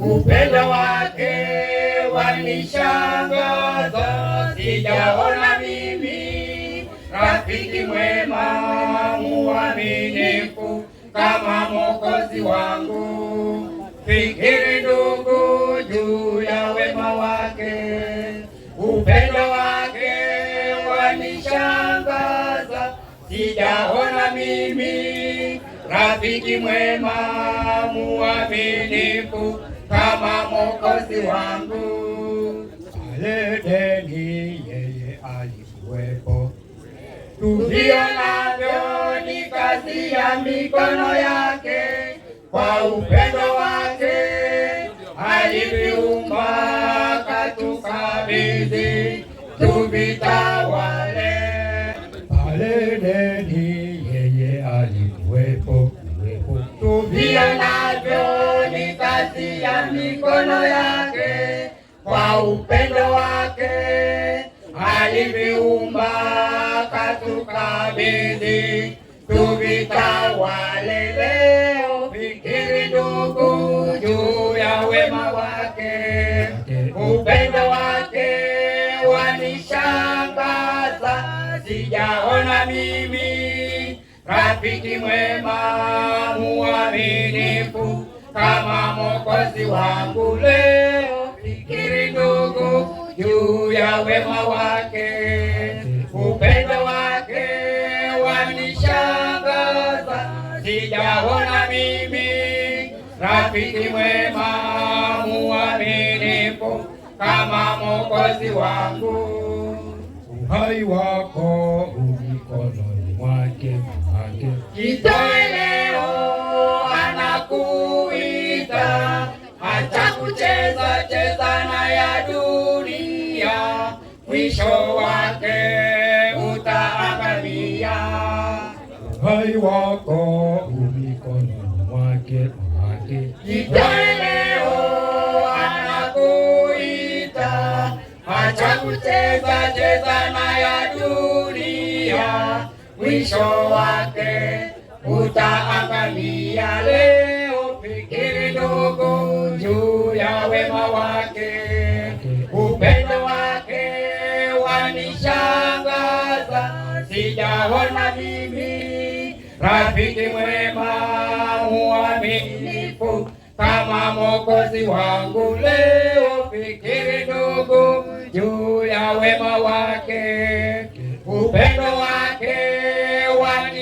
upendo wake wanishangaza, sijaona mimi rafiki mwema muaminifu kama Mwokozi wangu. Fikiri ndugu, juu ya wema wake, upendo wake wanishangaza, sijaona mimi rafiki mwema muaminifu Baba Mwokozi wangu. Ale yeye alikuwepo, tulio navyo ni kazi ya mikono yake, kwa upendo wake aliviumba katukabidhi tuvitawale. Ale yeye alikuwepo, tulio mikono yake, kwa upendo wake aliviumba, katukabidhi tuvitawale leo. Fikiri ndugu, juu ya wema wake, upendo wake wanishangaza, sijaona mimi rafiki mwema muaminifu kama Mwokozi wangu leo. Fikiri ndugu, juu ya wema wake, upendo wake wanishangaza, sijaona mimi rafiki mwema muaminifu kama Mwokozi wangu. Uhai wako umikononi mwake ake kucheza cheza na ya dunia, mwisho wake utaangamia. Hai wako umikono mwake mwake, leo, anakuita acha kucheza cheza na ya dunia, mwisho wake utaangamia. kushangaza sijaona mimi, rafiki mwema muaminifu kama Mwokozi wangu. Leo fikiri ndugu, juu ya wema wake, upendo wake wanishangaza,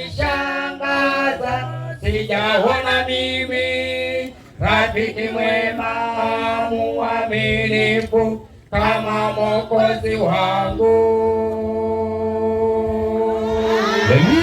sijaona mimi, rafiki mwema muaminifu kama Mwokozi wangu Amen.